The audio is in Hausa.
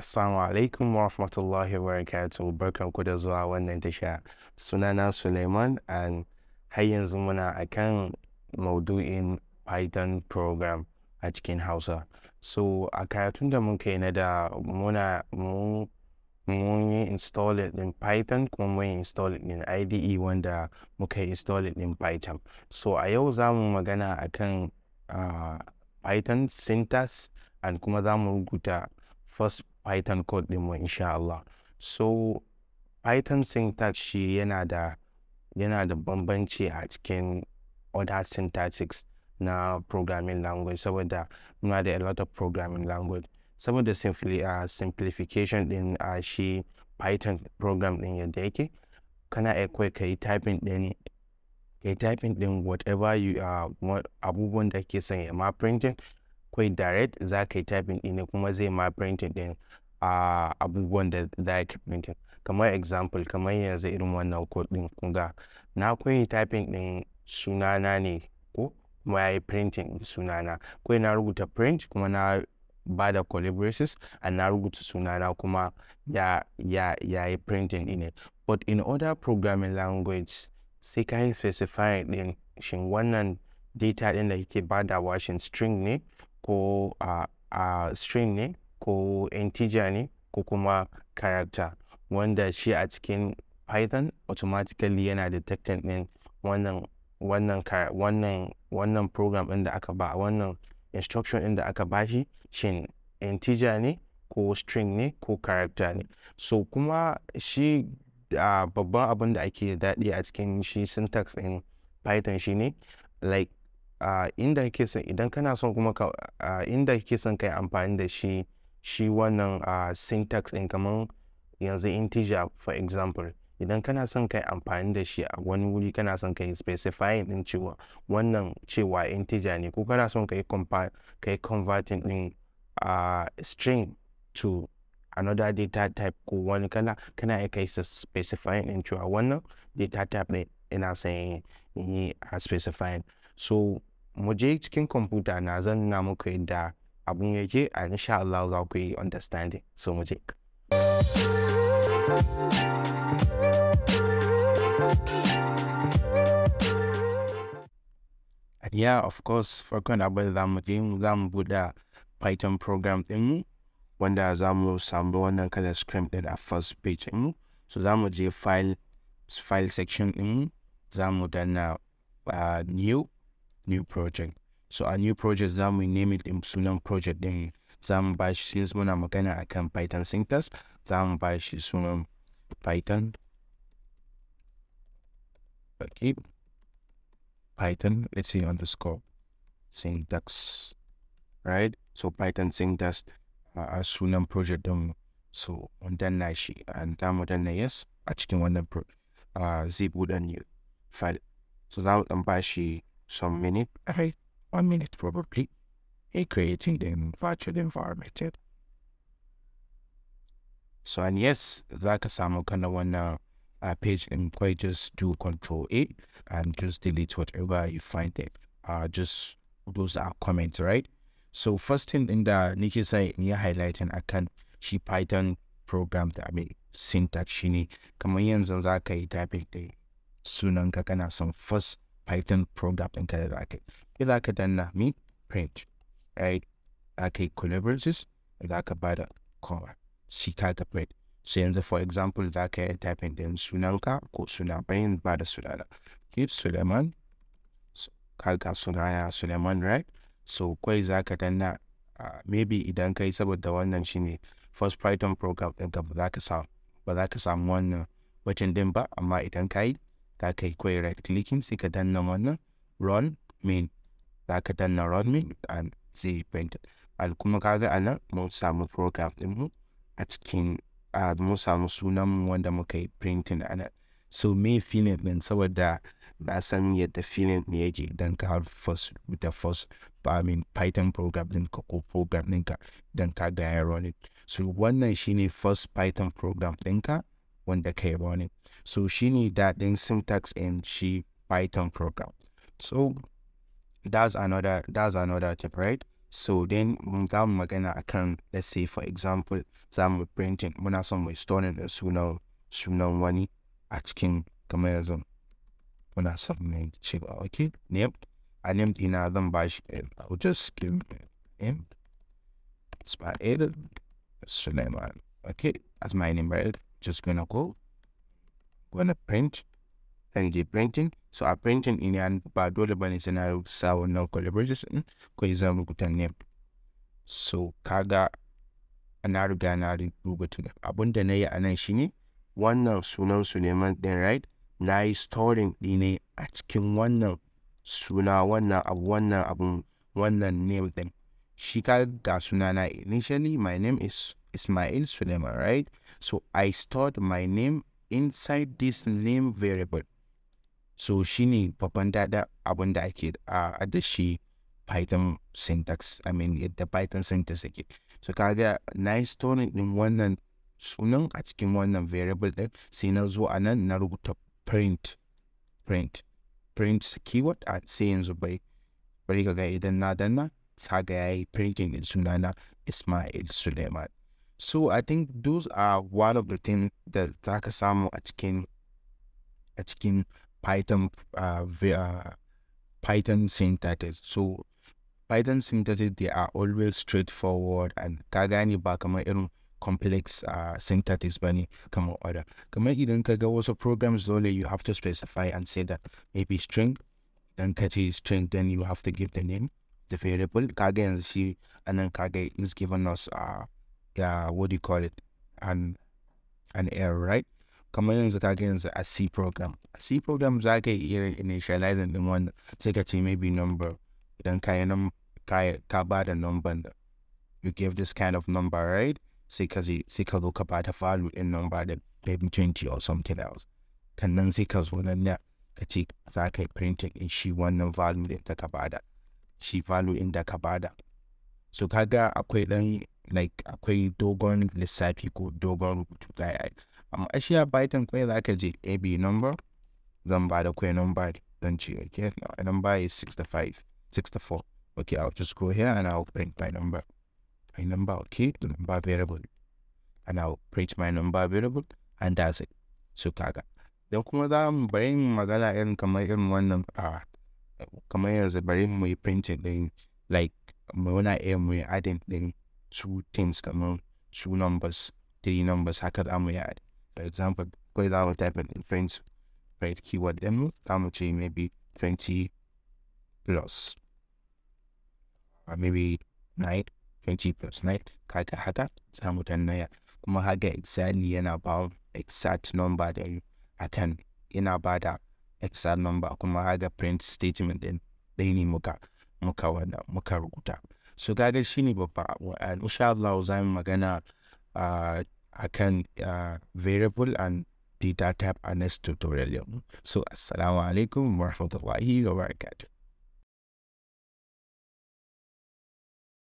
Assalamu alaikum wa rahmatullahi wa barakatuh ku da zuwa wannan tasha sunana Suleiman and har yanzu muna a akan maudu'in Python program a cikin Hausa. So a karatun da mun kai na da muna mun yi it in Python kuma mun yi it in IDE wanda muka install it in Python. So a yau za mu magana akan uh, Python syntax and kuma za mu rubuta first python code din mu insha Allah so python syntax shi yana da yana da bambanci a cikin other syntaxes na programming language saboda muna da a lot of programming language saboda simpli, uh, simplification din uh, shi python program din yadda yake kana akwai ka yi typing din ka yi typing din whatever you uh, what, abubuwan da ke son ya ma printing kai direct za ka yi typing din kuma zai ma printing din a abubuwan da za ka printing kamar example kamar yanzu irin wannan code ɗin kunga na koyi typing ɗin sunana ne ko kuma ya yi printing sunana ko na rubuta print kuma na ba da collaborations and na rubuta sunana kuma ya ya ya yi printing ɗin but in other programming language sai ka yi specifying ɗin shin wannan data ɗin da kike badawa washin string ne ko a string ne ko integer ne ko kuma character wanda shi a cikin python automatically yana detecting din wannan wannan wannan wannan program din da aka ba wannan instruction din da aka bashi shin integer ne ko string ne ko character ne so kuma shi uh, babban abin da ake daɗi a cikin shi syntax in python shi ne like uh, inda kake son idan kana son kuma ka, uh, inda kake son kai amfani da shi shi wannan a ah, syntax ɗin kamar yanzu integer for example idan kana son kai amfani da shi a wani wuri kana son kai specifying ɗin cewa wannan cewa integer ne ko kana son kai kai converting ɗin a ah, string to another data type ko wani kala kana iya kai specifying ɗin cewa wannan data type ne ina son yi a ah, specifying so mu je cikin computer na zan na muku yadda abun yake a insha Allah za ku yi understanding so mu je yeah of course farkon abin za za mu buɗe python program ɗinmu wanda za mu samu wannan kalar scrim ɗin a first page so za mu je file file section ɗinmu za mu danna ah, new new project So a new project then we name din sunan project Then, za by ba shi since muna magana Python syntax then by ba Python okay Python let's say underscore syntax right so Python syntax uh, a sunan project din so wannan na shi an ta mu danna yes a cikin wannan uh, zai buɗe new file so that mu ɗan ba some minute okay one minute probably, in creating the virtual environment. So, and yes, like Samuel kind of one now, uh, uh, page employee just do control it and just delete whatever you find there. Uh, just those are comments, right? So first thing in the Nikki side, you highlighting I can she Python program that I mean syntax shi ne kamar yanzu za ka yi typing ɗin sunan first python program ɗin ka da إذا كتبنا مين print right Like aka collaborators إذا كبدا See shi kaga print so yanzu for example like a yi typing din sunanka ko suna bayan ba da sunana keep suleiman so, kaga sunana suleiman right so kwai za ka danna uh, maybe idan kai saboda wannan shine first python program ɗinka ba like ka samu ba za ka samu wannan button din ba amma idan ka yi za ka yi kwai right clicking sai ka then wannan run main za ka run me and zai yi printed and kuma ka ga samu program ɗinmu a cikin a mun samu sunanmu wanda muka yi printing anan so me feeling filin ɗin saboda na san yadda filin ne yake idan ka har first with the first I mean python program ɗinka ko program ɗinka idan ka ga ya running so one wannan shine first python program ɗinka wanda ka yi running so that then syntax and she python program so that's another that's another tip, right? So then without magana account, let's say for example, some printing muna son mai storing da sunan sunan money, a cikin kamar yanzu muna son mai cewa okay name a name ina zan bashi I'll just give him it's my name Suleiman okay that's my name right just gonna go gonna print 3D printing so a printing ina ba dole bane sai na rubuta wannan collaborators din kawai zan rubuta name so kaga na riga na rubuta name abinda na yi a nan shine wannan sunan Suleiman din right na yi storing ɗine a cikin wannan suna wannan abu wannan abun wannan name them. shi ka ga sunana initially my name is Ismail Suleiman right so I stored my name inside this name variable so shine babban daɗa abin da ake a da shi python syntax i mean yadda python syntax yake so kaga na yi storing din wannan sunan a cikin wannan variable ɗin sai na zo a nan na rubuta print print print keyword a sai yanzu bai bari ka ga idan na danna kaga ya yi printing din sunana Ismail Suleiman. So I think those are one of the things da za ka samu a cikin a cikin Python uh, via uh, Python syntax. So Python syntax they are always straightforward and kaga ne ba kamar irin complex uh, syntax ba ne kamar order. Kamar idan ka ga programs dole you have to specify and say that maybe string then ka string then you have to give the name the variable kaga yanzu and then kaga is given us uh, uh what do you call it an an error right kamar yanzu ka ga yanzu a C program a C program za ka yi irin initializing din wannan sai ka ce maybe number idan ka yi ka ba da number da you give this kind of number right sai ka sai ka zo ka ba da value din number da maybe 20 or something else kannan sai ka zo nan ne ka ce za ka yi printing in shi wannan value din da ka ba da shi value din da ka ba da so kaga akwai dan like a akwai dogon lissafi ko dogon rubutu za a yi amma a shi a python kawai za ka je number zan ba da kawai number Then she okay number is 65 64 okay i'll just go here and i'll print my number my number okay the number variable and i'll print my number variable and that's it so kaga Then don kuma za mu bari mu magana irin kamar irin wannan a kamar yanzu bari mu yi printing din like muna iya A M we adding then two things come out, two numbers, three numbers How hacker and add. For example, for example, type an inference right keyword demo, gamma chain maybe 20 plus, or maybe 9, 20 plus 9, kaka haka, samu tanaya. Kuma get exactly yana about exact number then? I can in about that exact number kuma haka print statement din ɗaya ne muka muka wanda muka rubuta so kaga shine babban abu and insha Allah za mu magana uh, akan uh, variable and data type a next tutorial so assalamu alaikum warahmatullahi wabarakatuh